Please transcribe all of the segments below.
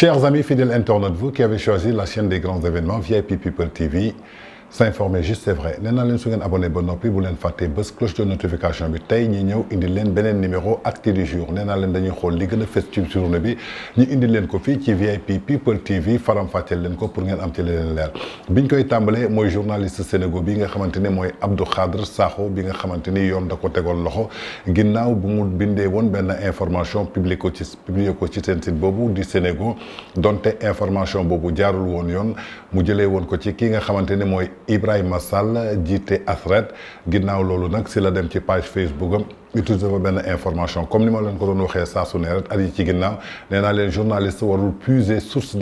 Chers amis fidèles internautes, vous qui avez choisi la chaîne des grands événements VIP People TV, s'informer juste c'est vrai nena len leen su ngeen abonné ba noppi bu len faté bés cloche de notification bi tay ñi ñew indi len benen numéro acte du jour nena len dañuy xol li gëna a ci journée bi ñu indi len ko fi ci VIP People TV faram-fàcceel len ko pour ngeen am ci leen leer biñ koy tambalé moy journaliste sénégalais bi nga xamanténi moy Abdou Khadre Saxo bi nga xamanténi ni yoon da ko tégon loxo ginnaw bu mu bindé won benn information publié ko ci publié ko ci sen site bobu di Sénégal donté information bobu jaarul won yoon mu jëlé won ko ci ki nga xamanténi moy Ibrahim Sall J.T. ASRED la page Facebook am utiliser fa informations. information comme nous l'avons fait, ko journalistes ont source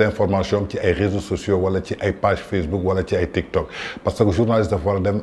réseaux sociaux sur les pages Facebook wala TikTok parce que les journalistes, ont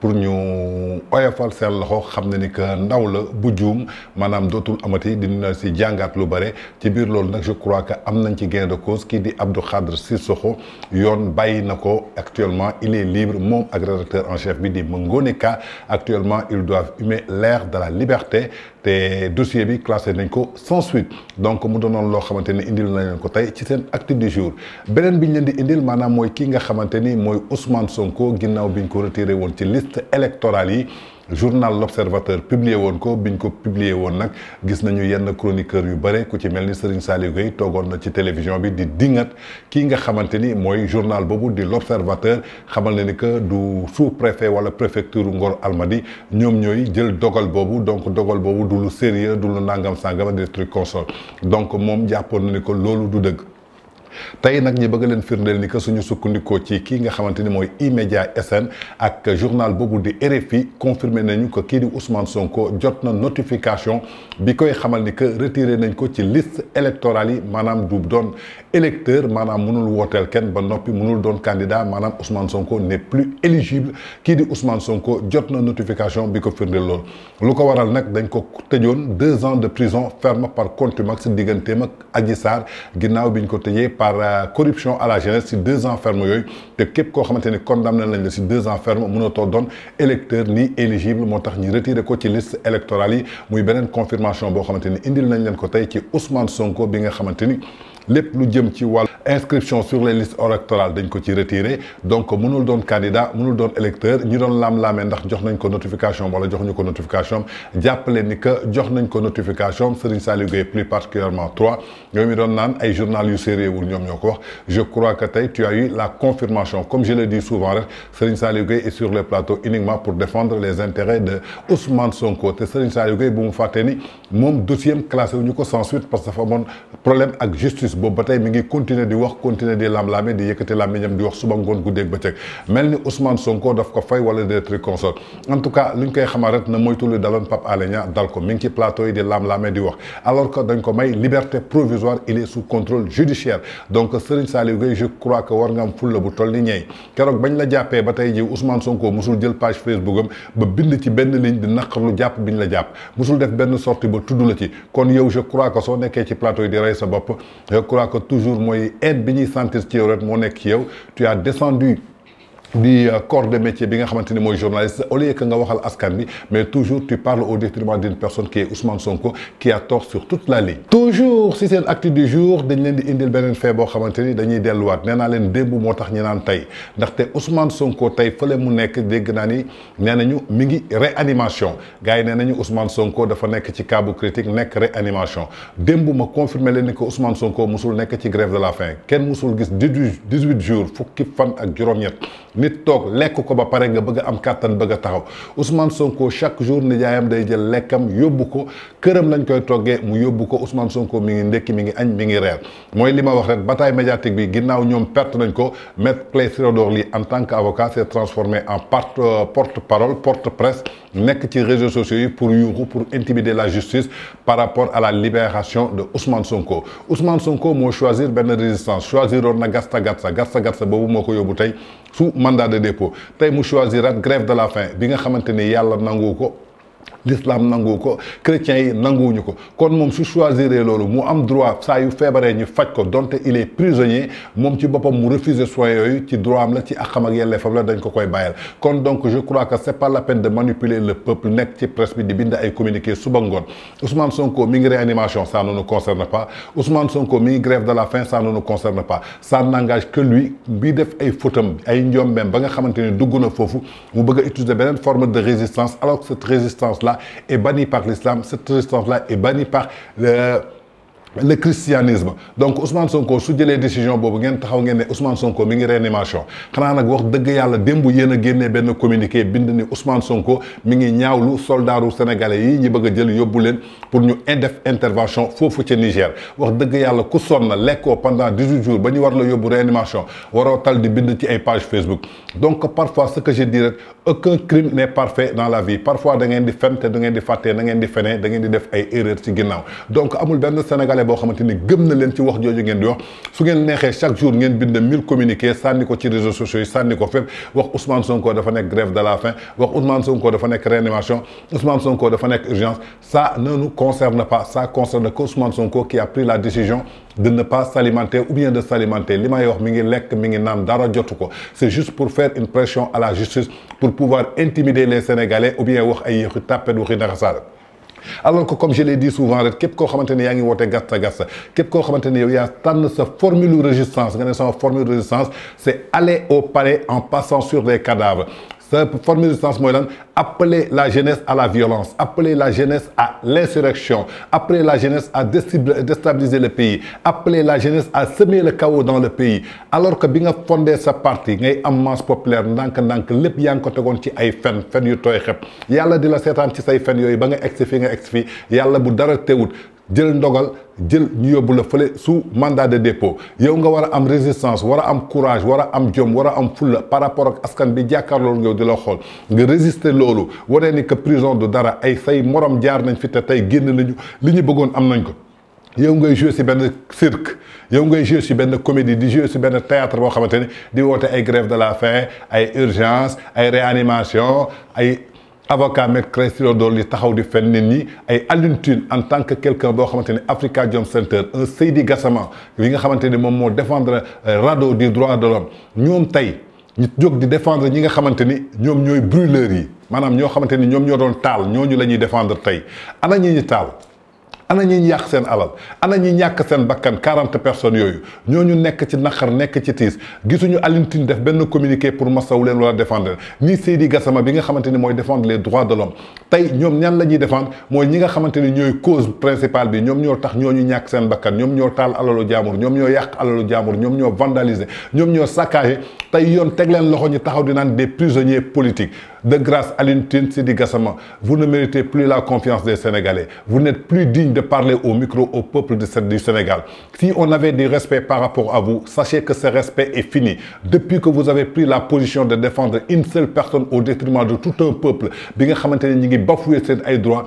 pour ñu oyofal seen loxo xam ne ni que ndaw la bu juum maanaam amati dina ci jàngaat lu bare ci bir loolu nak je crois que amnañ ci gain de cause ki di Abdou Khadre sissoxo yon bayinako actuellement il est libre mom ak rédacteur en chef bi di mangoneka actuellement ils doivent humer l'air de la liberté le dossier bi classé sans suite donc on donnons le xamante indil nañ ko acte du jour beneen bi de indil Ousmane Sonko qui retiré de liste électorale journal L'Observateur publié woon ko ñu ko publié woon nag gis nañu yenn chroniqueur yu bare ku ci mel ni Serigne Saliou Gueye toogoon na ci télévision bi di dingat kii nga xamante ni mooy journal boobu di L'Observateur xamal na ni que du sous-préfet wala préfecture alma di ñoom ñooy jël dogal boobu donc dogal boobu du lu sérieux du lu nangam sangam des trucs consorts donc moom jàppoon na ni ko loolu du dëgg tay nak ñi bëgg leen firndel ni que suñu sukkandikoo ci ki nga xamanteni moy mooy media SN ak journal bobu di RFI confirmer nañu ko ki di Ousmane Sonko jot na notification bi koy xamal ni que retiré nañ ko ci liste électorale yi maanaam du doon électeur manam mënul wooteel ken ba nopi mënul doon candidat manam Ousmane Sonko n'est plus éligible ki di Ousmane Sonko jot na notification bi ko firndel lool lu ko waral nak dañ ko tëjoon deux ans de prison ferme par contumax digganteem mak Adji Sar ginnaaw biñ ko tëjee par euh, corruption à la jeunesse si deux ans ferme yooyu te képp koo xamante ni condamné deux ans ferme mënatoo ni éligible moo tax retiré ko ci liste électorale yi muy beneen confirmation boo xamante ni indil nañ leen ko tey ci Ousmane Sonko bi nga Les plus lépp lu jëm inscription sur les listes électorales dañ ko ci retiré donc mënul nous candidat mënul don électeur ñu don lam lamé ndax jox nañ ko notification wala jox ñu ko notification on ni que jox nañ ko notification Serigne Saliou Gueye plus particulièrement toi, ñoo mi don un ay journal sérieux wul wax je crois que tu as eu la confirmation comme je le dis souvent rek Serigne Saliou Gueye est sur le plateau uniquement pour défendre les intérêts de Ousmane Sonko té Serigne Saliou Gueye bu mu faté ni mom dossier classé wu sans suite parce que dafa amoon problème ak justice bo batay mi ngi continuer wax continuer di lamlaame di yëkkati làmmiñam di wax suba ngoon guddeeg ak mel melni Ousmane Sonko daf ko fay wala des trucs consort en tout cas luñ koy xamal rek na moytu lu daloon Pape à Niang dal ko plateau et di lamlaame di wax alors que d'un ko may liberté provisoire il est sous contrôle judiciaire donc Serigne Saliou Gueye je crois que war nga am fulle bu toll ni ñey kérok bañ la jappé ba tay ji Ousmane Sonko musul jël page Facebook de ba bind ci benn ligne di naqarlu japp biñ la japp musul def benn sortie ba tuddu la ci kon yow je crois que so nekkee ci plateau et des rey sa bop je crois que toujours moy aide bi ñuy sentir ci yow rek moo nekk ci yow tu as descendu di euh, corps de métier bi nga xamante ni mooy journaliste au lieu que nga waxal askan bi mais toujours tu parles au détriment d'une personne qui est Ousmane Sonko qui a tort sur toute la ligne. toujours si c'est acte du jour dañ leen di indil beneen fait boo xamante ni dañuy delluwaat nee naa leen démb moo tax ñu naan tey ndaxte Ousmane Sonko tey fële mu nekk dégg naa ni nee nañu mi ngi réanimation gars yi nee nañu Ousmane Sonko dafa nekk ci cas critique nekk réanimation démb ma confirmer leen ni que Ousmane Sonko musul nekk ci grève de la faim kenn musul gis 18 jours fukki fan ak juróom-ñett nit tok lek ko ba pare nga bëgg am bëgg taxaw Ousmane Sonko chaque jour nijaayam day jël lekam ko lañ koy toggé mu ko Ousmane Sonko mi ngi ndek mi ngi mi ngi wax rek bataille médiatique bi ginnaw ñom perte nañ ko Maître en tant qu'avocat s'est transformé en porte euh, porte-parole porte-presse nek les réseaux sociaux pour pour intimider la justice par rapport à la libération de Ousmane Sonko Ousmane Sonko mo choisir une résistance choisir na gasta gatsa gasta gatsa boobu moo sous mandat de dépôt tay mu la grève de la faim bi nga yalla ko l'islam nangu ko chrétiens yi ko kon mom su choisiree lolu mu am droit sa yu feebaree ñu fajj ko donte il est prisonnier mon ci bopam mu refuser soins yooyu ci droit am la ci akam ak fam la dañ ko koy bayal kon donc je crois que c'est pas la peine de manipuler le peuple nek ci presse bi di bind ay communiqué suba ngone Ousmane Sonko mi ngi réanimation ça ne nous concerne pas Ousmane Sonko mi ngi grève de la faim ça ne nous concerne pas ça n'engage que lui bi def ay un ay même ba nga xamanteni duguna fofu mu bëgg utiliser benen forme de résistance alors que cette résistance là est banni par l'islam, cette histoire là est banni par le le christianisme donc Ousmane Sonko su jëlee décision bobu ngén taxaw ngén né Ousmane Sonko mi ngi réanimation xana nak wax dëgg yalla démb yéen génné génnee communiqué bind ni Ousmane Sonko mi ngi ñaawlu soldaaru sénégalais yi ñi bëgg jël yóbbu pour ñu def intervention fofu ci Niger wax dëgg yalla ku sonna lekkoo pendant 18 jours ba ñu war la yobul réanimation waro tal di bind ci ay page Facebook donc parfois ce que je dirais aucun crime n'est parfait dans la vie parfois da ngén di fen te da ngén di faté da ngén di féné da ngén di def ay erreurs ci ginnaw donc amul benn sénégalais sénégalais boo xamante ni gëm na leen ci wax jojo ngeen di wax su ngeen nexé chaque jour ngeen bind mille communiqué sanni ko ci réseaux sociaux sanni ko fep wax Ousmane Sonko dafa nek grève de la faim wax Ousmane Sonko dafa nek réanimation Ousmane Sonko dafa nek urgence ça ne nous concerne pas ça concerne que Ousmane Sonko qui a pris la décision de ne pas s'alimenter ou bien de s'alimenter li may wax mi ngi lek mi ngi nan dara jotu ko c'est juste pour faire une pression à la justice pour pouvoir intimider les sénégalais ou bien wax ay tapé du waxi naxasaal alors que comme je l'ai dit souvent rek képp koo xamante ne yaa ngi woote gasta gasta képp koo xamante ne yow yaa tànn sa formule résistance nga ne sama de résistance c'est aller au palais en passant sur les cadavres c'est pour de du sens lan appeler la jeunesse à la violence appeler la jeunesse à l'insurrection appeler la jeunesse à déstabiliser le pays appeler la jeunesse à semer le chaos dans le pays alors que bi nga fondé sa parti ngay am masse populaire ndànk les lépp yaa ngi ko tegoon ci ay fen une yu tooy xep yàlla une la il ci say une yooyu ba nga egsi nga egsi fi bu dara jël ndogal jël ñu yóbbu la fële sous mandat de dépôt yow nga wara am résistance wara am courage wara am jom wara am fulla par rapport ak askan bi jàkkaarloo yow di la xol nga résister loolu wane ni que prison du dara ay fay morom jaar nañ fi te tey génn nañu li ñu bëggoon am nañ ko. yow ngay jouer si benn cirque yow ngay jouer si benn comédie di jouer si benn théâtre boo xamante ni di woote ay grève de la faim ay urgence ay réanimation ay avocat mec Clédor Dool li taxaw di fenn ni ay Alioune en tant que quelqu'un boo xamante Africa Afrikajom Center un Seydi Gassama wi nga xamante mom mo défendre euh, Raddho du droit de l'homme ñom tay ñu jog di défendre ñi nga xamante ñom ñoy brûleur yi manam ño xamante ñom ño don tal ñoñu lañuy défendre tay ana ñi ñi tal ana ñi ñak seen alal personnes yooyu ñooñu nekk ci qui nekk ci tis gisunu alintine def communiqué pour masawu leen wala défendre ni Seydi Gassama bi nga xamanteni défendre les droits de l'homme tay ñom ñan lañuy défendre moy ñi nga cause principale bi ñom ñoo tax ñooñu ñak seen bakkan ñom ñoo tal alalu jaamur ñom ñoo yak alalu jaamur ñom ñoo vandaliser ñoo loxo des prisonniers politiques de grâce, à de Gassama, vous ne méritez plus la confiance des Sénégalais. Vous n'êtes plus digne de parler au micro au peuple du Sénégal. Si on avait du respect par rapport à vous, sachez que ce respect est fini. Depuis que vous avez pris la position de défendre une seule personne au détriment de tout un peuple, bien que vous avez bafoué droits,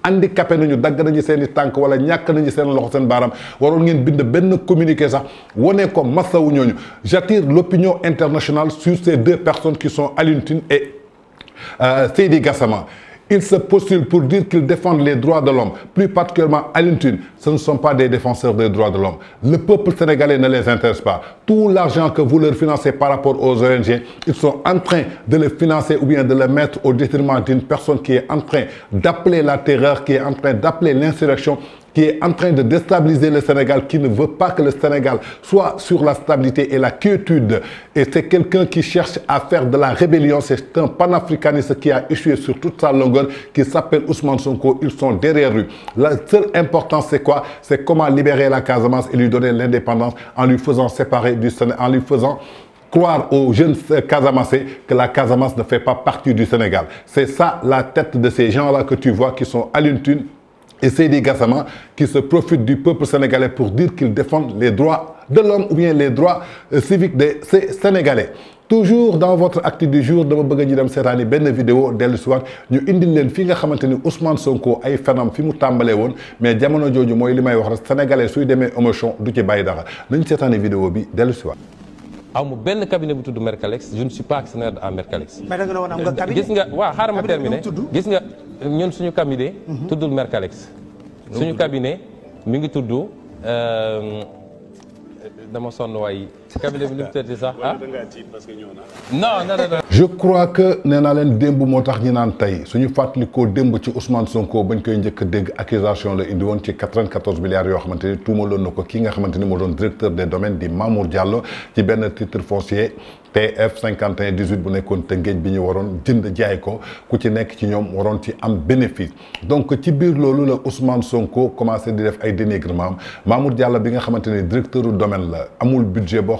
handicapé nañu dag nañu seen tank wala ñak nañu seen loxo seen baram waron ngeen bind ben communiqué sax woné ko masawu ñooñu j'attire l'opinion internationale sur ces deux personnes qui sont à et et euh, Seydi Gassama ils se postulent pour dire qu'ils défendent les droits de l'homme, plus particulièrement Alintune. Ce ne sont pas des défenseurs des droits de l'homme. Le peuple sénégalais ne les intéresse pas. Tout l'argent que vous leur financez par rapport aux ONG, ils sont en train de le financer ou bien de le mettre au détriment d'une personne qui est en train d'appeler la terreur, qui est en train d'appeler l'insurrection, qui est en train de déstabiliser le Sénégal, qui ne veut pas que le Sénégal soit sur la stabilité et la quiétude. Et c'est quelqu'un qui cherche à faire de la rébellion. C'est un panafricaniste qui a échoué sur toute sa longueur, qui s'appelle Ousmane Sonko. Ils sont derrière lui. La seule importance, c'est quoi C'est comment libérer la Casamance et lui donner l'indépendance en lui faisant séparer du Sénégal, en lui faisant croire aux jeunes Casamassés que la Casamance ne fait pas partie du Sénégal. C'est ça la tête de ces gens-là que tu vois qui sont à l'une et Seydi Gassama qui se profitent du peuple sénégalais pour dire qu'ils défendent les droits de l'homme ou bien les droits euh, civiques des Sénégalais. toujours dans votre acte du jour dama bëgg ñu dem seetaani une vidéo dellu si Nous ñu indil vidéo fii nga xamante Ousmane Sonko ay fenam fi mu tàmbalee mais jamono jooju mooy li may wax rek sénégalais suy demee émotion du ci bàyyi dara nañ seetaani vidéo bi dellu si waat aw cabinet bu Mercalex je ne suis pas actionnaire à Mercalex. mais da nga ne woon am nga cabinet gis nga waaw xaaral terminé. terminer nga. ñun suñu cabinet. Mhm. tuddul Mercalex. suñu cabinet mi ngi tudd euh, dama sonn waay. cabinet bi nu mu non non non. je crois que nee naa leen démb moo tax ñu naan tey suñu fàttalikoo démb ci Ousmane Sonko bañ koy njëkk a dégg accusation la indi woon ci 94 milliards yoo xamante ni tuumaloon na ko kii nga xamante ni moo doon directeur des domaines di Mamour Diallo ci ben titre foncier TF 5118 18 bu nekkoon Tëngéej bi ñu waron jënd jaay ko ku ci nekk ci ñom waron ci am bénéfice donc ci bir lolu la Ousmane Sonko commencé di def ay dénigrement Mamour Diallo bi nga xamanteni directeur du domaine la amul budget boo.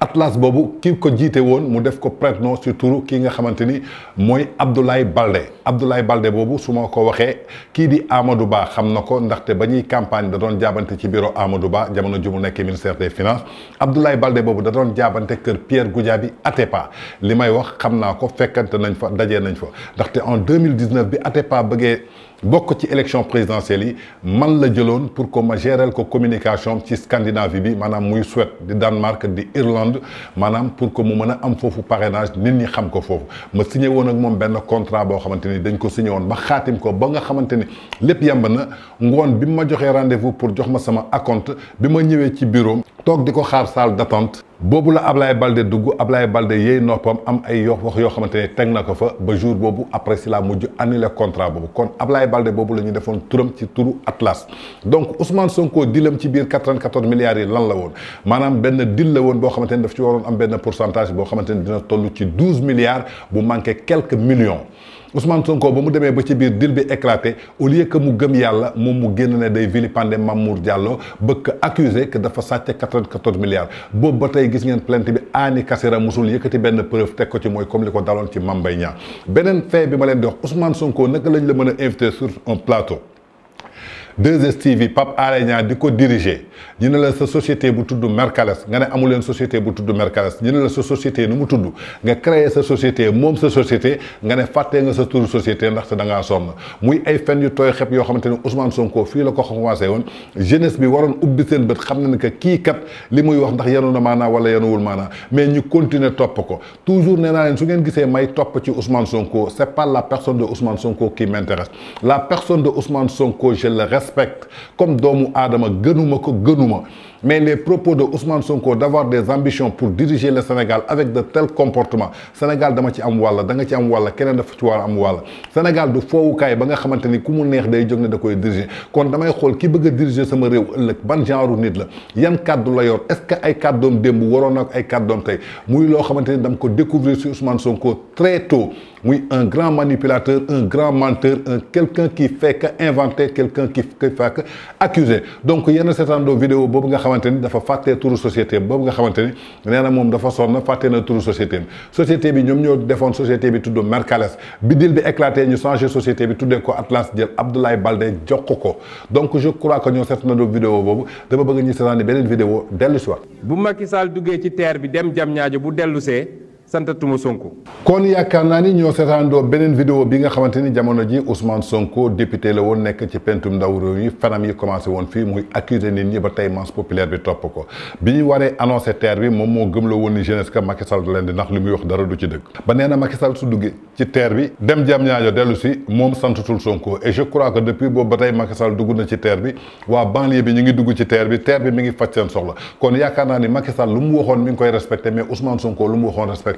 atlas Bobo, qui a dit, woon mu sur ki nga été Abdoulaye Baldé Abdoulaye Balde qui su ko qui di Amadou Ba xam na ko campagne da doon jaabante ci bureau Amadou Ba jamono des finances Abdoulaye Baldé Bobo, da doon Pierre Goudjabi Atepa a may wax ko en 2019 bi Atepa bokk ci élection présidentielle yi man la jëlone pour que ma géreel ko communication ci Scandinavie bi manam muy Suède di Danemark di Irlande manam pour que mu meuna am fofu parrainage nit ñi xam ko fofu ma signé won ak mom benn contrat bo xamanteni dañ ko signé won ba khatim ko ba nga xamanteni lepp yamb na ngone bima ma rendez-vous pour jox ma sama acompte bima ñëwé ci bureau donc diko xaar salle d'attente bobu la Ablaye Balde duggu Ablaye Balde yeey noppam am ay yo wax yo xamantene bejou teg apprécie fa ba jour bobu après cela la mujj contrat bobu kon Ablaye Balde bobu la ñu defoon turam ci turu Atlas donc Ousmane Sonko dilam ci biir 94 milliards yi lan la won manam ben dil la won bo xamantene daf ci waron am ben pourcentage bo xamantene dina tollu ci 12 milliards bu manqué quelques millions Ousmane Sonko si vous ba ci éclaté au lieu que mu gëm a mo mu génn ne day Mamour Diallo bëgg accusé que dafa sàcce 94 milliards vous avez tey gis ngeen plainte bi Ani musul preuve teg ko ci mooy comme li ko ci Niang fait Ousmane Sonko ne lañ la sur un plateau 2STV Pape Alé Niang di ko diriger ñu ne la sa société bu tudd Mercales nga ne société bu tudd Mercales ñu ne la sa société nous mu tudd nga créer sa société moom sa société nga ne fàttee nga sa turu société ndaxte da ngaa somm muy ay fen yu tooy xep yoo xamante ne Ousmane Sonko fii la ko commencé woon jeunesse bi waroon ubbi seen bët xam na ne que kii kat li muy wax ndax yenu na maanaa wala yenuwul mais ñu continuer top ko toujours nee naa leen su ngeen gisee may topp ci Ousmane Sonko c'est pas la personne de Ousmane Sonko qui m'intéresse la personne de Ousmane Sonko je le reste respecte comme doomu aadama gënuma ko gënuma Mais les propos de Ousmane Sonko d'avoir des ambitions pour diriger le Sénégal avec de tels comportements, Sénégal dama ci am wala da nga ci am wàll keneen dafa ci war am wala. Sénégal du kay ba nga xamanteni ni neex day jóg ne da koy diriger kon damay xol ki bëgg diriger sama rew ëllëg ban genre nit la yan kàddu la yor est-ce que ay kàddoom demb waroon ak ay kàddoom tay? muy lo xamanteni dam ko découvrir ci Ousmane Sonko très tôt muy un grand manipulateur un grand menteur un quelqu'un qui fait que inventer quelqu'un qui fait que accuser donc yenn seetaandoo vidéo bobu nga xamante ni dafa fàtte turu société boobu nga xamante ni nee na moom dafa sonn fàtte na turu société bi société bi ñoom ñoo defoon société bi tudd Mercalès bi bi éclaté ñu changé société bi tuddee ko Atlas jël Abdoulaye balde jox ko donc je crois que ñoo seet na doon vidéo boobu dama bëgg ñu seetaani beneen vidéo dellu si waat bu Macky Sall duggee ci terre bi dem jam ñaajo bu dellusee santatuma Sonko. kon yaakaar naa ni ñoo seetaandoo beneen vidéo bi nga xamante ni jamono ji Ousmane Sonko député la woon nekk ci pentum ndaw réew yi fanam yi woon fii muy accusé nit ñi ba bi topp ko bi ñu waree annoncé bi moom moo gëm la woon ni jeunesse que Macky wax dara du ci nee na Macky Sall su duggee ci terre bi dem jam ñaajo dellu si moom santatul Sonko et je crois que depuis boobu ba tey Macky Sall ngi dugg ci terre bi terre bi mi ngi faj seen soxla kon yaakaar naa ni lu mu waxoon mi ngi koy respecté mais Ousmane Sonko lu mu waxoon respecté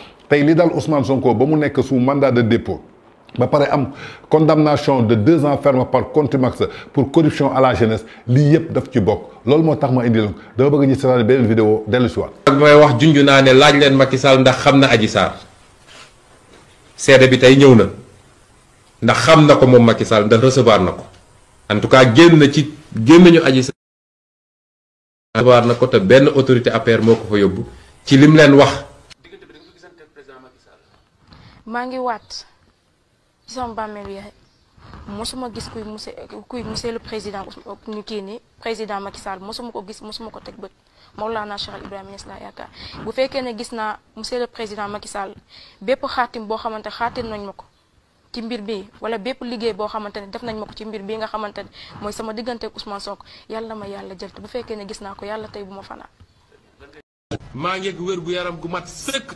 tay li daal Ousmane Sonko ba mu nek sous mandat de dépôt ba pare am condamnation de 2 ans ferme par contumace pour corruption à la jeunesse li yëpp daf ci bok loolu moo tax ma indi leen dama bëgg ñu seetaan beneen vidéo dellu si waat. ak may wax junj naa ne laaj leen Macky Sall ndax xamna Adji Sarr seede bi tay ñëw na ndax xam na ko moom Macky Sall ndax recevoir nako en tout cas génn na ci génn ñu Adji Sarr recevoir nako ko te benn autorité APR moko ko fa yóbbu ci lim leen wax. maa ngi waat ci sama bàmmeelu yaay mosuma gis kuy monsieur kuy monsieur le président ñu kii ni président Macky Sall mosuma ko gis mosuma ko teg bët Maulana Cheikh Ibrahima Niass yaakaar bu fekkee ne gis naa monsieur le président Macky Sall bépp xaatim boo xamante xaatim nañ ma ko ci mbir bi wala bépp liggéey boo xamante ne def nañ ma ko ci mbir bi nga xamante ne mooy sama diggante ak Ousmane Sonko yàlla ma yàlla jël te bu fekkee ne gis naa ko yàlla tey bu ma fanaan. maa ngi wér gu yaram gu mat sëkk.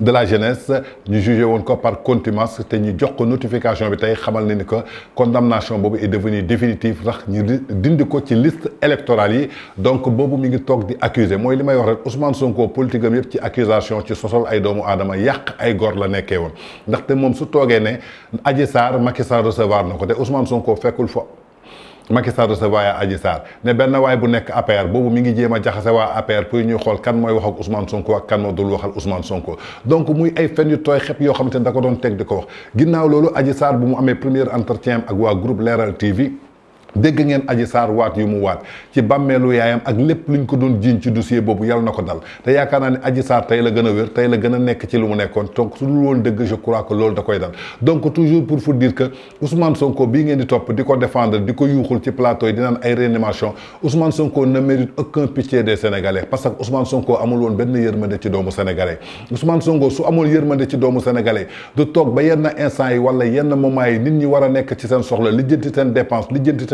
de la jeunesse nous jugé par contumace te nous notification bi tey xamal condamnation est devenue définitive de ko liste électorale donc Bobo mi ngi accusé. di accuser je veux Ousmane Sonko politique ci accusation ci sosol ay doomu la recevoir Ousmane Sonko Macky Sall recevoir Adji Sarr ne benn waay bu nekk APR boobu mi ngi jéem a jaxase waa APR pour ñuy xool kan mooy wax ak Ousmane Sonko ak kan moo dul waxal Ousmane Sonko donc muy ay fen yu tooy xep yoo xamante ne da doon teg di ko wax ginnaaw loolu Adji Sarr bu mu amee premier entretien ak waa groupe Leral TV dégg ngeen aji saar waat yu mu waat ci bàmmeelu yaayam ak lépp luñ ko doon jiiñ ci dossier boobu yàlla na ko dal te yaakaar naa ne aji tey la gën a wér tey la gën a nekk ci lu mu nekkoon donc su dul woon dëgg je crois que loolu da koy dal donc toujours pour vous dire que Ousmane Sonko bii ngeen di topp di ko défendre di ko yuuxul ci plateau yi di ay réanimation Ousmane Sonko ne mérite aucun pitié des parce que Ousmane Sonko amul woon benn yërmande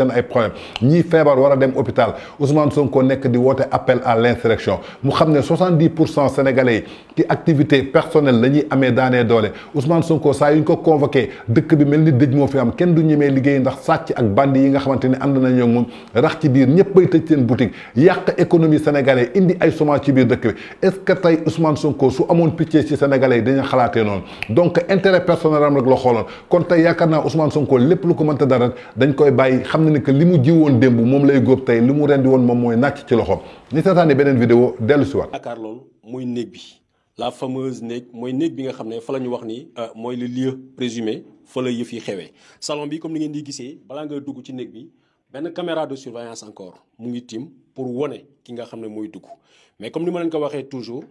leen ay problème ñii feebar wara dem hôpital Ousmane Sonko nek di woote appel à l'insurrection mu xamné 70% sénégalais ki activité personnelle lañuy amé dané daanee Ousmane Sonko saa yuñ ko convoqué dëkk bi melni ni dëj moo fi am kenn du ñëmé liggéey ndax sàcc ak bandi yi nga xamante ni ànd nañoo ak moom rax ci biir ñëpp bay seen boutique yàq économie sénégalais indi ay chômage ci biir dëkk bi est ce que tay Ousmane Sonko su amone pitié ci sénégalais dañu xalaatee non donc intérêt personnel am rek la xooloon kon tay yaakaar naa Ousmane Sonko lepp lu ko mënta dara dañ koy bayyi xam ni que limu mu ji woon démb lay góob tay limu rendi won mom moy nàcc ci loxom ni seetaane benen vidéo delu ci wat akar lol mooy néeg bi la fameuse néeg moy néeg bi nga xamné fa lañu wax ni euh, moy le lieu présumé fa la yëf yi xewee salon bi comme ni ngeen di gisee balaa nga dugg ci néeg bi ben caméra de surveillance encore mu ngi tiim pour woné ki nga xamné moy dugg mais comme ni ma leen ko waxé toujours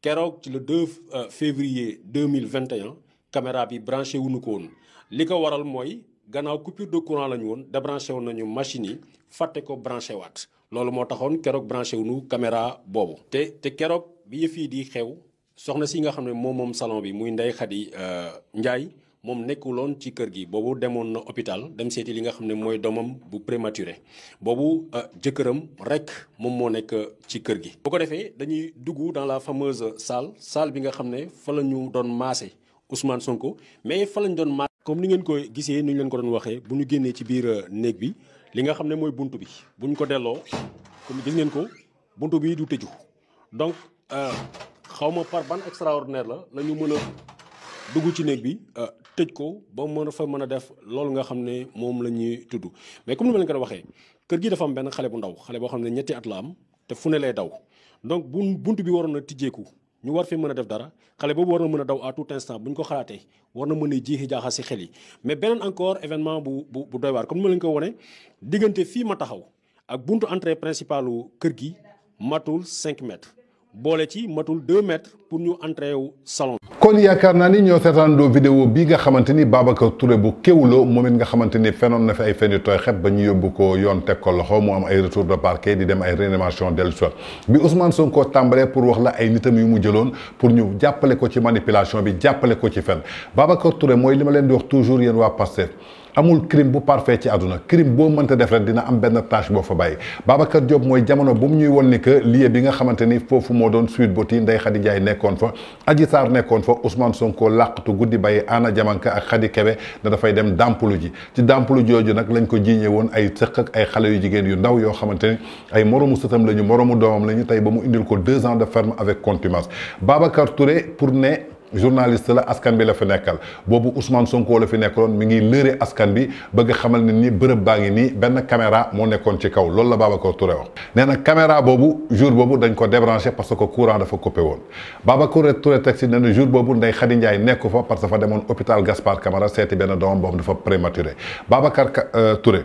kérok ci le 2 euh, février 2021 caméra bi branché wuñu ko woon li waral moy gannaaw coupure de courant la ñu woon débranché woon nañu machine yi fàtte ko branché waat loolu moo taxoon keroog branché caméra boobu. te te keroog bi yëf yi di xew soxna si nga xam ne moom moom salon bi muy Ndeye Khady euh, njaay moom nekkuloon ci kër gi boobu demoon na hôpital dem seeti li nga xam ne mooy bu prématuré boobu euh, jëkkëram rek moom moo nekk ci kër gi. bu ko defee dañuy dugg dans la fameuse salle salle bi nga xam ne fa la ñu doon Ousmane Sonko mais fa lañ doon ma comme ni ngeen koy gisee ni ñu leen ko doon waxee bu ñu génnee ci biir euh, néeg bi li nga xam ne mooy bunt bi bu ñu ko delloo comme gis ngeen ko bunt bi du tëju donc euh, xaw ma par ban extraordinaire la la ñu mën a dugg ci néeg bi euh, tëj ko ba mën a fa mën a def loolu nga xam ne moom la ñuy tudd mais comme ni ma leen ko waxee kër gi dafa am benn xale bu ndaw xale boo xam ne ñetti at la am te fu ne lay daw donc bu bunt bi waroon a tijjeeku ñu war fi mën a def dara xale boobu war na mën a daw à tout instant bu ñu ko xalaatee war na mën a jiixi jaaxa si xel yi mais benn encore événement bu bu bu doy waar comme ni ma leen ko wone diggante fii ma taxaw ak buntu entrée principalu kër gi matul 5 mètres. boole ci matul 2 mètres pour ñu entrer au salon kon yaakaar naa ni ñoo seetaandoo vidéo bi nga xamanteni Babacar Touré bu kéwlo momit nga xamanteni ni na fi ay fen yu tooy xep ba ñu yóbbu ko yoon teg ko loxo mu am ay retour de parquet di dem ay réanimation dellu soit bi Ousmane Sonko tàmbalee pour wax la ay nitam yu mu jëloon pour ñu jàppale ko ci manipulation bi jàppale ko ci fen Babacar Touré mooy li ma leen di wax toujours yéen waa Pastef amul crime bu parfait ci aduna crime bo meunta def rek dina am ben tâche bo fa baye Babacar Diop moy jamono bu mu ñuy won ni que lieu bi nga xamanteni fofu mo moo suite Sweet Beauty Ndeye Khady Ndiaye nekkoon fa Adji sar nekkon fa Ousmane Sonko laqtu goudi baye ana jamanka ak khadi Kébé da da fay dem dampulu ji ci dampulu joju nak lañ ko jigné won ay tekk ak ay xale yu jigen yu ndaw yo xamanteni ay moromu sëtam lañu moromu domam lañu tay ba mu indil ko 2 ans de ferme avec contumace Babacar Touré pour ne journaliste la askan bi la fi nekkal bobu Ousmane Sonko la fi nekkaloon mi ngi leuré askan bi bëgg xamal nit ñi bërëb baangi ni ben caméra mo nekkon ci kaw loolu la Babacar Touré wax néna caméra bobu jour bobu dañ ko débrancher parce que courant dafa coupé won Babacar Touré teg si nee na jour bobu nday khadi ndjay nekk fa parce que fa demoon hôpital gaspar Camara séti ben doomam bobu dafa prématuré Babacar Touré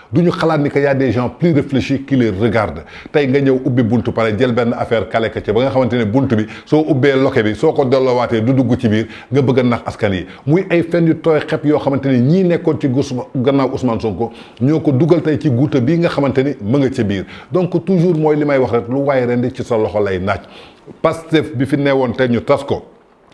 duñu xalaat ni que y a des gens plus réfléchis qui les regardent tay nga ñëw ubbi buntu pare jël benn affaire kale ca ba nga xamante ne buntu bi soo ubbee loke bi soo ko delloowaatee du dugg ci biir nga bëgg a nax askan yi muy ay fen yu tooy xep yoo xamante ne ñii nekkoon ci gus gannaaw Ousmane Sonko ñoo ko dugal tey ci guuta bi nga xamante ni mu nga ca biir donc toujours mooy li may wax rek lu waaye rendi ci sa loxo lay naaj Pastef bi fi newoon tey ñu tas ko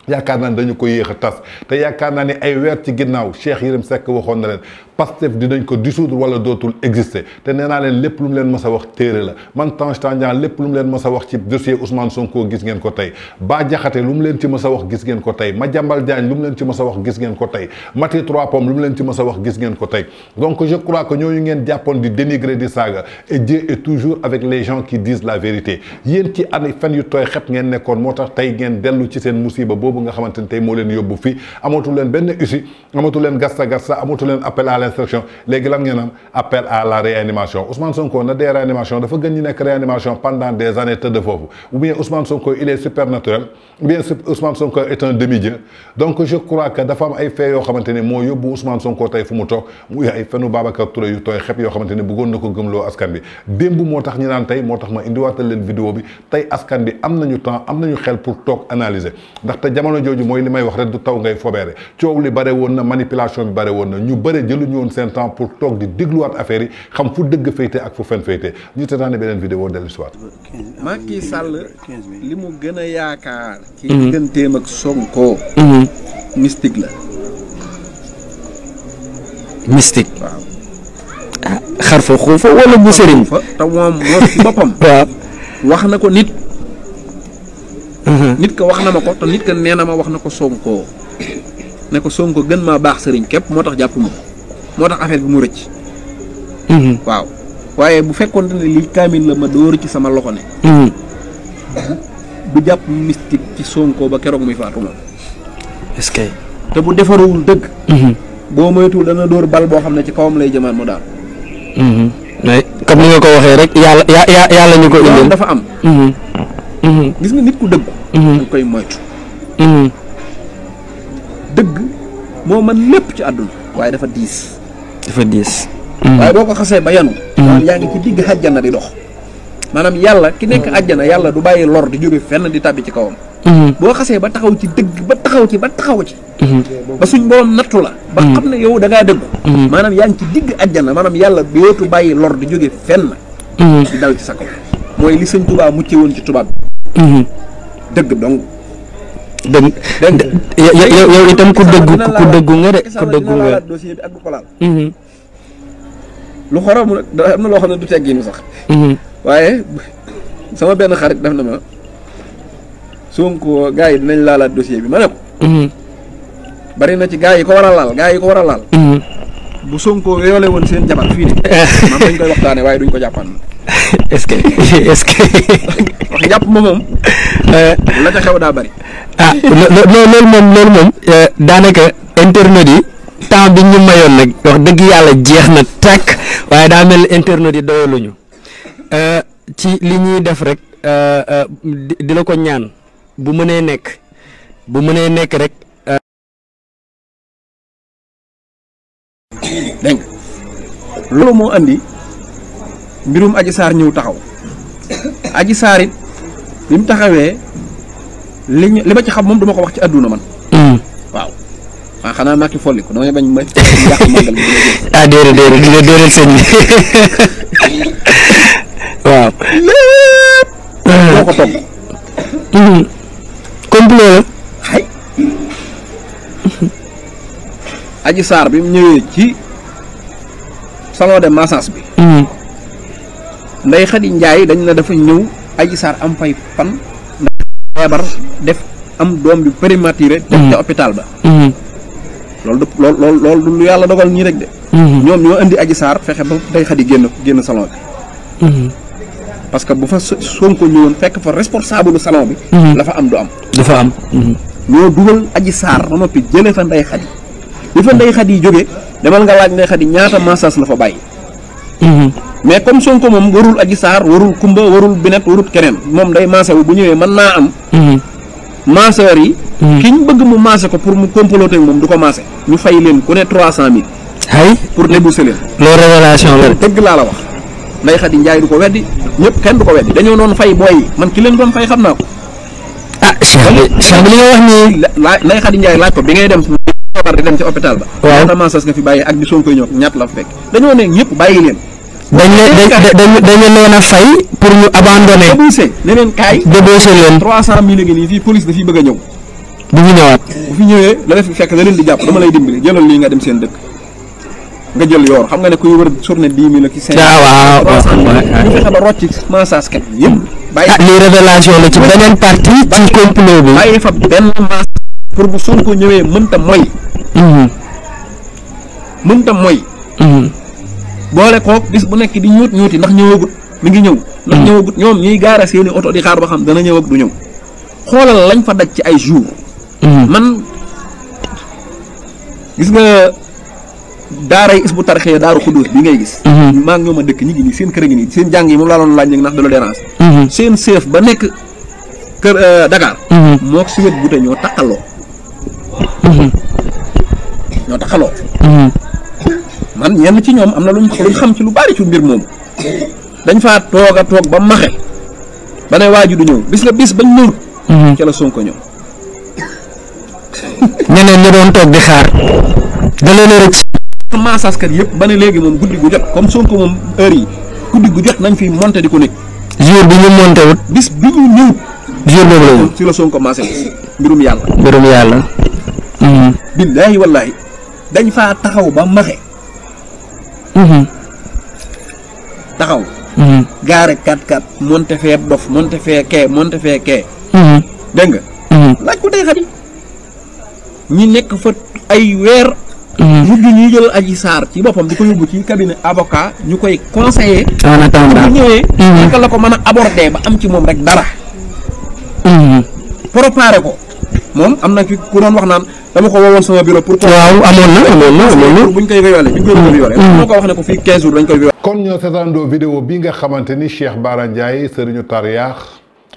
yaakaar naa ne dañu ko yéex a tas te yaakaar naa ne ay weer ci ginnaaw Cheikh Yérim Seck waxoon na leen Pastef dinañ ko dissoudre wala dootul exister té nee naa leen lépp lu mu leen wax téere la man Tange Tandian lepp lu len leen wax ci dossier Ousmane Sonko gis ngeen ko tay ba jaxaté lu len ci mas wax gis ngeen ko tey Madiambal Diagne lu mu ci mas wax gis ngeen ko tay Maty Trois Pommes lu len ci mas wax gis ngeen ko tay donc je crois que ñooñu ngeen jàppoon di dénigrer di saga et Dieu est toujours avec les gens qui disent la vérité yéen ci an fan yu toy xép ngeen nékkon motax tay tey ngeen dellu ci sen musiba bobu nga xamante tay mo leen yóbbu amatu leen ben ussi amatu leen gasta gasta amatu leen appel instruction léegi lan ngeen appel à la réanimation Ousmane Sonko na dee réanimation dafa gën ñu nekk réanimation pendant des années de foofu ou bien Ousmane Sonko il est supernaturel ou bien Ousmane Sonko est un demi-dieu donc je crois que dafa am ay fait yoo xamante ne moo yóbbu Ousmane Sonko tey fu mu toog muy ay fenu Babacar Touré yu tooy xep yoo xamante ne bëggoon na ko gëmloo askan bi démb moo tax ñu naan tey moo tax ma indiwaatal leen vidéo bi tey askan bi am temps am nañu xel pour toog analyser ndaxte jamono jooju mooy li may wax rek du taw ngay fobeere coow li bare woon na manipulation bi bare woon na ñu bëre jëluñu woon seen temps pour toog di dégluwaat affaire yi xam fu dëgg féete ak fu fen féete ñu seetaane beneen vidéo dellu si maa Macky Sall li mu gën a yaakaar. ci mhm. digganteem ak Sonko. Mhm. mystique la. mystique. ah xar fa xuufa wala bu sëriñ. te moom moo ci boppam. waaw wax na ko nit. Mhm. nit ka wax na ma ko te nit ka nee na ma wax na ko Sonko ne ko Sonko gën maa baax sëriñ képp moo tax jàpp moo tax affaire bi mu rëcc. Mhm. waaw waaye bu fekkoon ne lii kaamil la ma dóor ci sama loxo ne. bu mhm. jàpp mystique ci Sonko ba keroog muy faatu moom. ce que. te bu defaruwul dëgg. Mhm. boo moytuwul dana dóor bal boo xam ne ci kawam lay jëmaat mu daal. mais comme nga ko waxee rek yàlla ya yàlla ñu ko indil dafa am. gis nga nit ku dëgg. dañ koy moytu. dëgg moo man lépp ci àdduna waaye dafa diis. dafa diis. Mm. waaye boo ko xasee ba yanu. Mm. maanaam yaa ngi ci digg àjjana di dox. maanaam yàlla ki nekk àjjana yàlla du bàyyi lor di jóge fenn di tàbbi ci kawam. Mm-hmm. boo xasee ba taxaw ci dëgg ba taxaw ci ba taxaw ci. Mm-hmm. ba suñ borom nattu la. ba mm-hmm. xam ne yow da ngaa maanaam yaa ngi ci digg àjjana maanaam yàlla beetu bàyyi lor di jóge fenn. di dal ci sa kaw mooy li sëñ Tuubaa mucce woon ci tubaab bi. dëgg dong. dëgg yow itam ku dëggu ku dëggu nga de ku dëggu nga dossier bi ko laal mm-hmm. lu xorom am na loo xam ne du teggiinu sax mm-hmm. waaye sama benn xarit daf na ma Sonko gaa yi dinañ laalaat dossier bi ma ne ko mm-hmm. bari na ci gaa yi ko war a laal gars yi ko war a laal bu Sonko weyoole woon seen jabar fii nii. man dañ koy waxtaanee waaye duñ ko jàppaan. est-ce que est-ce que. wax jàpp ma moom. la ca xew daa bari. ah loo loolu moom loolu moom. Eh, daanaka internet yi temps bi ñu mayoon nag wax dëgg yàlla jeex na tàkk waaye daa mel internet yi doyaluñu eh, ci li ñuy def rek eh, di la ko ñaan bu mënee nekk bu mënee nekk rek. dégg loolu moo andi mbirum aji saar ñëw taxaw aji saar it bi mu taxawee li ñu li ma ci xam moom duma ko wax ci àdduna man. Hmm. waaw ah xanaa maa folli ko damay bañ ma yàq màggal bi. ah déedéet waaw. lépp. boo ko togg. Hmm. bi mu ñëwee ci. salon de massage bi hmm. ndey xadi njaay dañ na dafa ñew aji sar am fay fan febar def am dom bi prématuré def hmm. ci hôpital ba hmm. loolu lolou lolou lu yàlla dogal nii rek de ñom ñoo andi aji sar fexé ba day xadi genn genn salon bi parce que bu fa ko ñewon fekk fa responsable salon bi la fa am du am fa am ñoo duggal aji sar ba nopi jëlé fa nday xadi bu fa nday xadi joggé demal nga laaj Ndeye Khady ñaata massage la fa bàyyi. mais comme Sonko moom warul Adji Sarr warul Kumba warul Binet warul keneen moom day maase wu bu ñëwee mën naa am. masseurs yi. ki bëgg mu maase ko pour mu comploter moom du ko maase. ñu fay leen ku ne trois cent mille. ay pour débourser leen. loolu révélation la dëgg laa la wax. Ndeye Khady Ndiaye du ko weddi ñëpp kenn du ko weddi dañoo doon fay booy yi man ki leen doon fay xam naa ko. ah Cheikh li nga wax laaj bi ngay dem feebar di dem ca hôpital ba. waaw ñaata massage nga fi bàyyi ak di soo koy ñëw ñaata la fa fekk dañoo ne ñëpp bàyyi leen. dañ leen dañ dañ leen a fay pour ñu abandonné. débouché ne leen kaay. débouché leen 300000 ngi nii fii police dafiy bëgg a ñëw. bu ñu ñëwaat. bu fi ñëwee la def fekk la leen di jàpp dama lay dimbali jëlal lii nga dem seen dëkk. nga jël yoor xam nga ne kuy wër journée dix mille ki cinq ah, waaw ñu fexe ba rocc massage kat yëpp. Ah, bàyyi ah lii révélation la ci beneen partie. ci complot bi bàyyi fa benn massage pour bu sonko ñëwee mënta moy hmm mënta moy hmm boole ko bis bu nekk di ñoot ñooti ndax ñëwagut mi ngi ñëw ndax mhm. ñëwagut ñom ñi gaara seeni auto di xaar ba xam dana ñëw ak du ñëw xolal lañ fa daj ci ay jour mhm. man gis nga daara daaray isbu tarxee ya daaru xudóos bi ngay gis ma mhm. maag ñoma dekk ñi ngi nii seen kër ngi ni seen jang yi moom la doon laaj nak ngi lo dérange seen chef ba nekk kër euh, dakar mook suwet bu te ñoo takalo ñoo taxaloo. Hmm. man ñenn ci ñoom am na luñ luñ xam ci lu bari ci mbir moomu dañ fa toog a toog ba maxe ba ne waaju du ñëw bis nga bis bañ ñëw. Hmm. ca la Sonko ñëw. ñeneen ñi doon toog di xaar. da leen a rëcc. yëpp ba ne léegi moom guddi gu jot comme Sonko moom yi guddi gu jot nañ fi monté di ko nekk. jour bi bis bi ñu ñëw. ci la Sonko commencé mbirum yàlla. mbirum yàlla. billaahi wallaahi dañ faa taxaw ba maxe mm-hmm. taxaw mm-hmm. gaare kat kat monte fee dof monte fee kee monte fee kee mm-hmm. dégg laaj ko tey xadi ñi nekk fa ay weer mujj ñuy jël aji saar ci boppam di ko yóbbu ci cabinet avocat ñu koy conseiller ah, en ñëwee naka la ko mën a aborder ba am ci moom rek dara préparé ko moom am na ci ku doon wax naan dama ko woowoon sama bureau pour. waaw amoon na amoon na amoon na buñ koy violé buñ koy violé. Mm. dama ko wax ne ko fii 15 jours dañ koy violé. kon ñoo seetaandoo vidéo bi nga xamante ni Cheikh Bara Ndiaye sëriñu tariyaax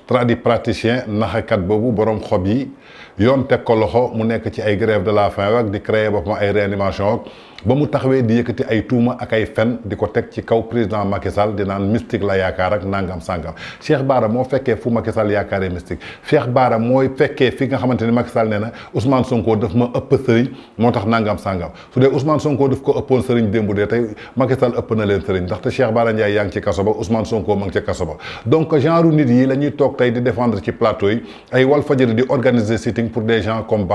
tradipraticien naxakat boobu borom xob yi yoon teg ko loxo mu nekk ci ay grève de la faim ak di créer boppam ay réanimation ak. ba mu taxawee di yëkkati ay tuuma ak ay fen di ko teg ci kaw président Macky Sall di nan mystique la yaakaar ak nangam sangam Cheikh Bara mo féké fu Macky Sall yaakaaree mystique Cheikh Bara moy féké fi nga xamante Macky Sall néna Ousmane Sonko daf ma ëpp sëriñ motax nangam sangam su dee Ousmane Sonko daf ko ëppoon sëriñ dembu dé tay Macky Sall ëpp na leen sëriñ ndaxte Cheikh Bara Ndiaye yaang ci kasso ba Ousmane Sonko ma ci kasso ba donc genre nit yi la tok tay di défendre ci plateau yi ay Walfadjri di organiser sitting pour des gens comme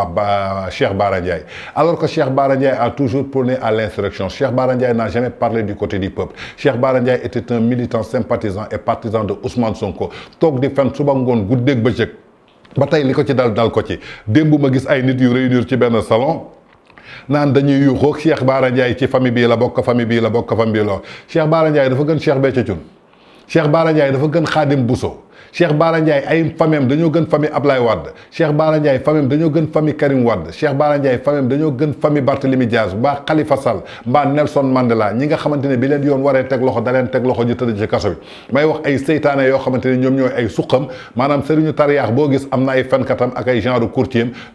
Cheikh Bara Ndiaye alors que Cheikh Bara Ndiaye a toujours prôné jamais à l'insurrection. Cheikh Barandiaï n'a jamais parlé du côté du peuple. Cheikh Barandiaï était un militant sympathisant et partisan de Ousmane Sonko. Tok de fan subangon guddeg beujek. Ba tay liko ci dal dal ko ci. Magis ma gis ay nit yu réunir ci ben salon naan dañuy rok Cheikh Baara Ndiaye ci famille la bokk famille bi la bokk famille bii la Cheikh Baara Ndiaye dafa gën Cheikh Béthio Cheikh Baara Ndiaye Khadim Bousso Cheikh Bara Ndiaye ay famem dañoo gën famille Ablaye Wade Cheikh Bara Ndiaye famem dañoo gën famille Karim Wade Cheikh Bara Ndiaye famem dañoo gën famille Barthélemy Diaz mbaa Khalifa Sall ñi nga xamante ne bi leen yoon waree teg loxo da leen teg loxo ay seytaane yoo xamante ne ñoom ñooy ay suqam maanaam sëriñu tariyaax boo gis am na ay fenkatam ak ay genre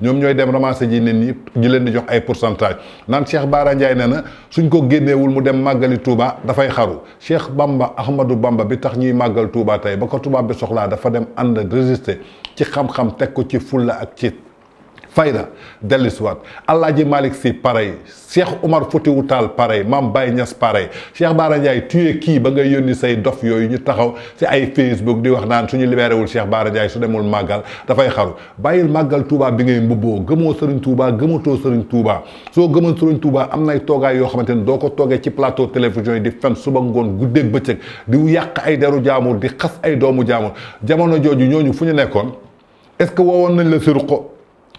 ñoom ñooy dem ramasser ji nit ñi leen jox ay pourcentage naan Cheikh Bara Ndiaye nee na suñ ko génneewul mu dem màggali Touba dafay xaru Cheikh Bamba Ahmadou Bamba bi tax ñuy màggal Touba tey ba ko Touba bi soxlaa dafa dem ànd résister ci xam-xam teg ko ci fulla ak ci fayda dellusiwaat Alaaji Malick Sy pareil Cheikh Omar Foutiyou Tall pareil Mame Baye Niass pareil Cheikh Bara Ndiaye tuye kii ba ngay yónni say dof yooyu ñu taxaw si ay Facebook di wax naan suñu libéré wul Cheikh Bara Ndiaye su demul màggal dafay xaru bàyyil màggal Touba bi ngay mbubboo gëmoo Serigne tuubaa gëmatoo Serigne Touba soo gëmoon Serigne Touba am nay toogaay yoo xamante ni doo ko toogee ci plateau télévision yi di fen suba ngoon guddeeg bëccëg di yàq ay deru jaamur di xas ay doomu jaamur jamono jooju ñooñu fu ñu nekkoon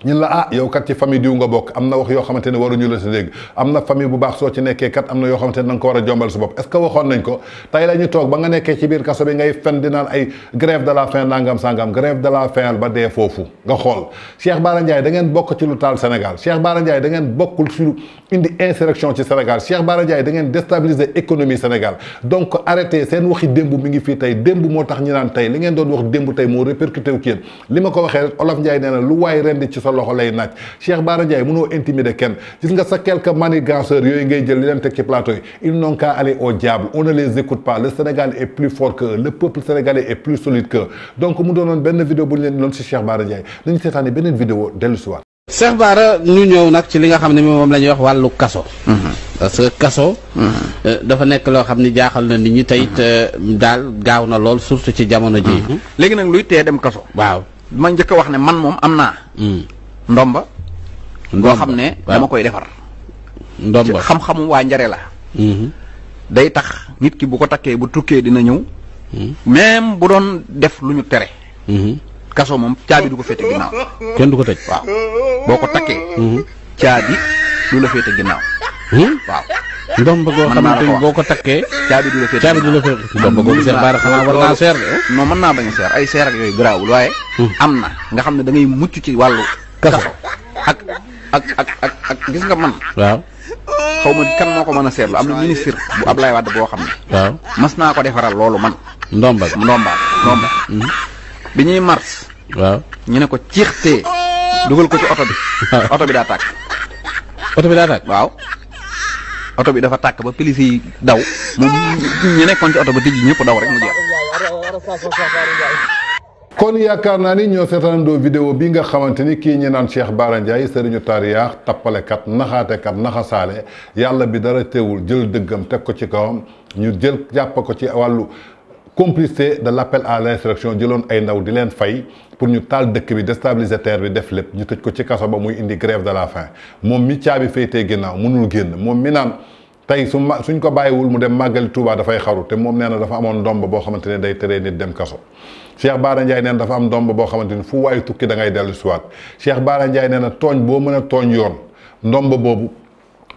ñun la ah yow kat ci famille diw nga bokk am na wax yoo xamante ne waruñu la si dégg am na famille bu baax soo ci nekkee kat am na yoo xamante ne da nga ko war a jombal sa bopp est ce que waxoon nañ ko tey la ñu toog ba nga nekkee ci biir kaso bi ngay fen di naan ay grève de la faim nangam sangam grève de la faim ba dee foofu nga xool Cheikh Bara Ndiaye da ngeen bokk ci lu taal Sénégal Cheikh Bara Ndiaye da ngeen bokkul ci lu indi insurrection ci Sénégal Cheikh Bara Ndiaye da ngeen déstabiliser économie Sénégal donc arrêté seen waxi démb mi ngi fii tey démb moo tax ñu naan tey li ngeen doon wax démb tey moo répercuté wu ci yéen li ma ko waxee Olof Ndiaye nee na lu waay rendi ci loxo lay naaj Cheikh Bara Ndiaye mënoo intimider kenn gis nga sa quelques maniganceurs yooyu ngay jël li leen teg ci plateau yi ils n'ont qu'à aller au diable on ne les écoute pas le Sénégal est plus fort que le peuple sénégalais est plus solide que donc mu doonoon benn vidéo bu leen loon si Cheikh Bara Ndiaye nañu seetaani beneen vidéo dellu si waat Cheikh Bara ñëw nag ci li nga xam ne moom la ñuy wax wàllu kaso. Mhm. parce que kaso. Mhm. Euh, dafa nekk loo xam ne jaaxal na nit tey euh, daal gaaw na lool surtout ci jamono ji mhm. léegi nag luy tee dem kaso. waaw ma njëkk wax ne man moom am naa. Mm. ndomba go xamne dama koy defar ndomba xam xam wa njare la hmm day tax nit ki bu ko takke bu tukke dina ñew mm-hmm. même bu doon def luñu téré hmm kasso mom caabi du ko fété ginnaaw kenn du ko tej waaw boko takke hmm caabi du la fété féete hmm waaw ndomba go xamne boko takke ko du la fété caabi du la fété ndomba go seer baara xana war na ser de eh? non mën naa bañ a ay ser ak yoy garaawul waye mm-hmm. amna nga xamne da ngay muccu ci walu kaso ak ak ak ak ak gis nga man. waaw xaw ma kan moo ko mën a seetlu am na ministre bu Ablaye Wade boo xam ne. waaw mas naa ko defaral loolu man. ndomba ndomba ndomba. Mhm. bi ñuy mars. waaw ñu ne ko ciixtee dugal ko ci oto bi. oto bi daa tàkk. oto bi daa tàkk waaw. oto bi dafa tàkk ba police daw moom ñu nekkoon ci oto ba tijji ñëpp daw rek mu jeex. kon yaakaar naa ni ñoo doo vidéo bi nga xamante ni kii ñi naan Cheikh Bara Ndiaye sëriñu taariyaax tappalekat naxaatekat naxasaale yàlla bi dara teewul jël dëggam teg ko ci kawam ñu jël jàpp ko ci wàllu complicité de l'appel à l'insurrection jëloon ay ndaw di leen fay pour ñu taal dëkk bi déstabiliser bi def lépp ñu tëj ko ci kaso ba muy indi grève de la faim moom mi caabi féetee ginnaaw mënul génn moom mi naan tey su ma suñ ko bàyyiwul mu dem màggali Touba dafay xaru te moom nee na dafa amoon ndomb boo xamante ne day tere nit dem kaso Cheikh Baara Ndiaye nee dafa am ndomb boo xamante ni fu waay tukki da ngay dellu siwaat Cheikh Baara Ndiaye na tooñ boo mën a tooñ yoon ndomb boobu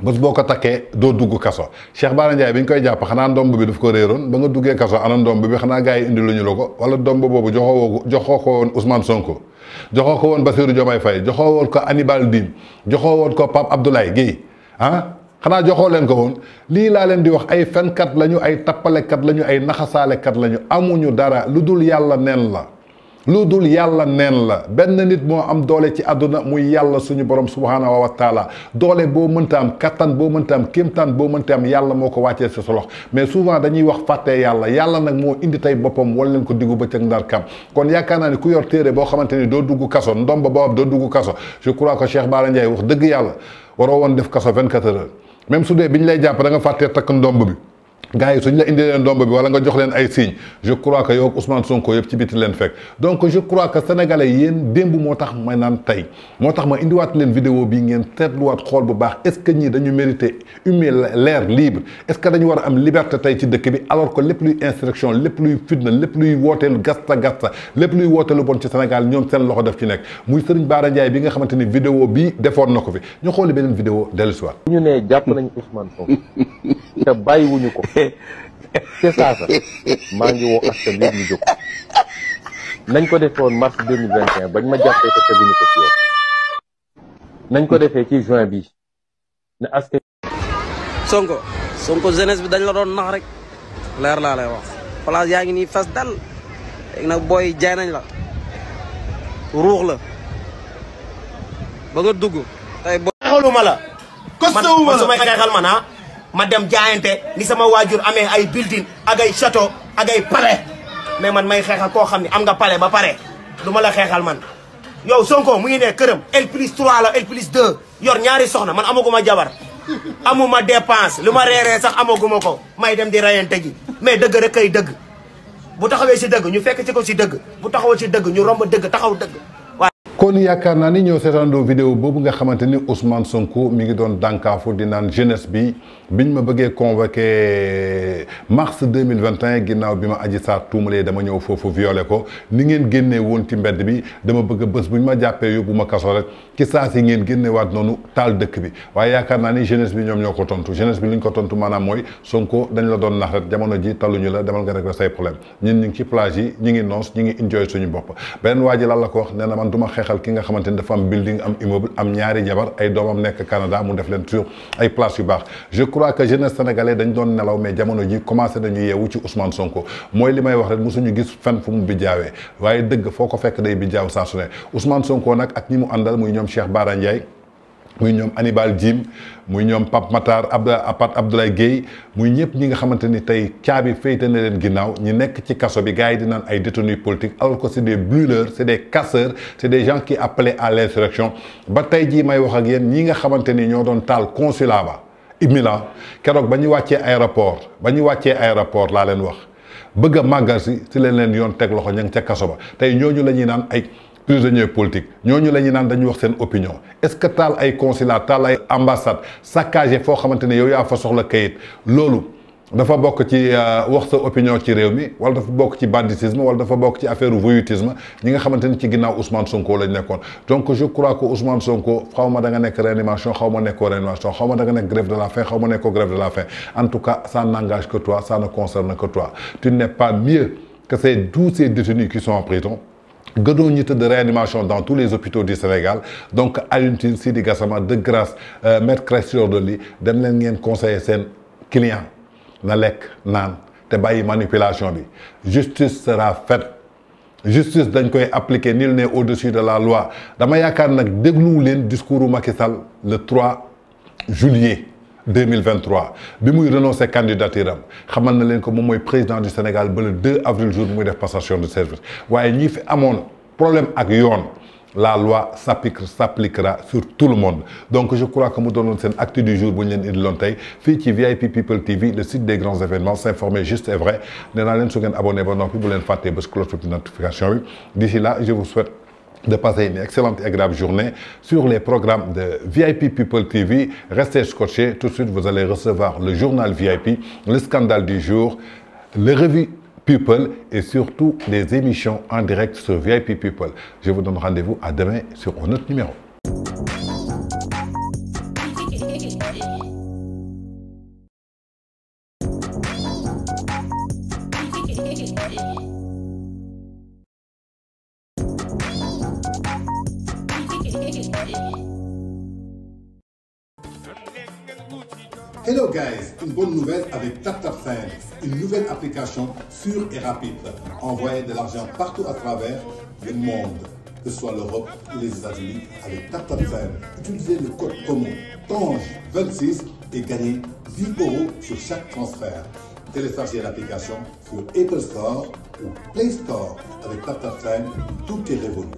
bés boo ko takkee doo dugg kaso Cheikh Baara Ndiaye bi ñu koy jàpp xanaa ndomb bi daf ko réeroon ba nga duggee kaso ana ndomb bi xanaa gars yi indi lu ñu la ko wala ndomb boobu joxoo joxoo ko woon Ousmane Sonko joxoo ko woon Bassirou Diomaye fay joxoo woon ko Hannibal Dine joxoo woon ko Pape Abdoulaye Guèye ah xanaa joxo len ko won li la len di wax ay fen kat lañu ay tapale kat lañu ay naxasale kat lañu amuñu dara ludul yàlla nen la ludul yàlla nen la ben nit mo am doole ci aduna muy yàlla suñu borom subhanahu wa taala doole bo meunta am katan bo meunta am kéemtaan bo meunta am yàlla moko wacce ci solo mais souvent dañuy wax fàtte yàlla yàlla nak mo indi tay bopam wol len ko diggu becc ak ndar kam kon yakana ni ku yor tere bo xamanteni do duggu kasso ndomba bo do duggu kasso je crois que Cheikh bala ndjay wax deug yàlla waro won def kasso 24 heures même su dee bi ñu lay jàpp da nga fàttee takk gars yi suñ la indi leen domb bi wala nga jox leen ay signe je crois que yow ak Ousmane Sonko yëpp ci biti leen fekk donc je crois que sénégalais yéen démb moo tax ma naan tey moo tax ma indiwaat leen vidéo bi ngeen seetluwaat xool bu baax ce que ñii dañu mérité humer l'air libre est ce que dañu war a am liberté tey ci dëkk bi alors que lépp luy instruction lépp luy fitna lépp luy wooteelu gasta gasta lépp luy wooteelu ci Sénégal ñoom seen loxo def ci nekk muy Serigne Bara Ndiaye bi nga xamante ni vidéo bi defoon na ko fi ñu xooli beneen vidéo dellu si waat ñu ne jàpp nañ Ousmane Sonko te bàyyiwuñu ko te saasa maa ngi woo askan yëpp ñu jóg nañ ko defee woon mars bañ ma jàppee te teguñu ko ci yoon nañ ko defee ci juin bi ne askan sonko bi dañ la doon nax rek leer laa lay wax place yaa ngi nii fas dal léegi nag booy jaay nañ la ruux la ba nga dugg tey boo xaluma la kostewuma la man su may xeexal man ah ma dem jaayante ni sama waajur amee ay building ak ay château ak mais man may xeexal koo xam ne am nga pare ba pare du ma la xeexal man yow Sonko mu ngi ne këram L plus 3 la L plus 2 yor ñaari soxna man amaguma jabar ma dépense lu ma reeree sax amaguma ko may dem di rayante ji mais dëgg rek kay dëgg bu taxawee si dëgg ñu fekk ci ko si dëgg bu taxawee si dëgg ñu romb dëgg taxaw dëgg kon yaakaar naa ni ñëw seetaandoo vidéo boobu nga xamante ni Ousmane Sonko mi ngi doon dànkaafu di naan jeunesse bi bi ñu ma bëggee convoqué mars deux mille vingt et un ginnaaw bi ma Adji Sarr tuumalee dama ñëw foofu violé ko ni ngeen génnee woon ci mbedd bi dama bëgg bés ñu ma jàppee yóbbu ma kaso rek ci saa si ngeen génnewaat noonu taal dëkk bi waaye yaakaar naa ni jeunesse bi ñoom ñoo ko tontu jeunesse bi li ñu ko tontu maanaam mooy Sonko dañ la doon nax rek jamono ji taluñu la demal nga rek say problème ñun ñu ngi ci plage yi ñu ngi noos ñu ngi enjoy suñu bopp beneen waa j lan la ko wax nee na man du ma xeexal ki nga xamante ni dafa am building am immeuble am ñaari jabar ay doomam nekk Canada mu def leen sur ay place yu baax crois que jeunesse sénégalais dañ doon nelaw mais jamono ji commencé nañu yeewu ci Ousmane Sonko mooy li may wax rek mosuñu gis fenn fu mu bijaawee waaye dëgg foo ko fekk day bijaaw saa su ne Ousmane Sonko nag ak ñi mu àndal muy ñoom Cheikh Bara Ndiaye muy ñoom Hannibal Djim muy ñoom Pape Matar Abda Pape Abdoulaye Guèye muy ñëpp ñi nga xamante ni tey caabi féyte na leen ginnaaw ñi nekk ci kaso bi gars yi di naan ay détenus politiques alors que c' est des brûleurs à l' insurrection ba tey jii may wax ak yéen ñi nga xamante ni ñoo doon taal consulat ba. Milan keroog ba ñu wàccee aéroport ba ñu wàccee aéroport laa leen wax bëgg a màggal si si leen leen yoon teg loxo ña ca kaso ba tey ñooñu la ñuy naan ay prisonniers politiques ñooñu la ñuy naan dañu wax seen opinion est-ce que taal ay consulat taal ay ambassade saccagé foo xamante ne yow yaa fa soxla kayit loolu. dafa bok ci euh, wax sa opinion ci réew mi wala dafa bok ci banditisme wala dafa bok ci affaire voyoutisme ñi nga xamanteni ci ginnaw Ousmane Sonko lañ donc je crois que Ousmane Sonko xawma da nga nek réanimation xawma ma réanimation xawma da nga nek grève de la faim xawma ma grève de la faim en tout cas ça n'engage que toi ça ne concerne que toi tu n'es pas mieux que ces tous ces détenus qui sont en prison gënoon ñi de réanimation dans tous les hôpitaux du Sénégal donc Alioune Tine Sidi Gassama euh, de grâce maître le lit, dem leen ngeen conseiller sen client na nan te bayi manipulation bi justice sera faite justice dañ koy appliquer nul n'est au-dessus de la loi dama yakar nak deglu len discoursu Macky Sall le 3 juillet 2023 bi muy renoncer candidature am xamal na len ko mom moy président du Sénégal ba le 2 avril jour muy def passation de service y ñi fi amone problème ak yone la loi s'appliquera sur tout le monde donc je crois que nous donnons une acte du jour pour VIP People TV le site des grands événements s'informer juste et vrai pas vous abonner, notification d'ici là je vous souhaite de passer une excellente et agréable journée sur les programmes de VIP People TV restez scotchés tout de suite vous allez recevoir le journal VIP le scandale du jour les revues People et surtout les émissions en direct sur VIP People. Je vous donne rendez-vous à demain sur un autre numéro. Hello guys, une bonne nouvelle avec TapTapFans une nouvelle application sûre et rapide. Envoyez de l'argent partout à travers le monde, que ce soit l'Europe ou les États-Unis, avec TapTapSend. Utilisez le code commun TANGE26 et gagnez 10 euros sur chaque transfert. Téléchargez l'application sur Apple Store ou Play Store avec TapTapSend. Tout est révolu.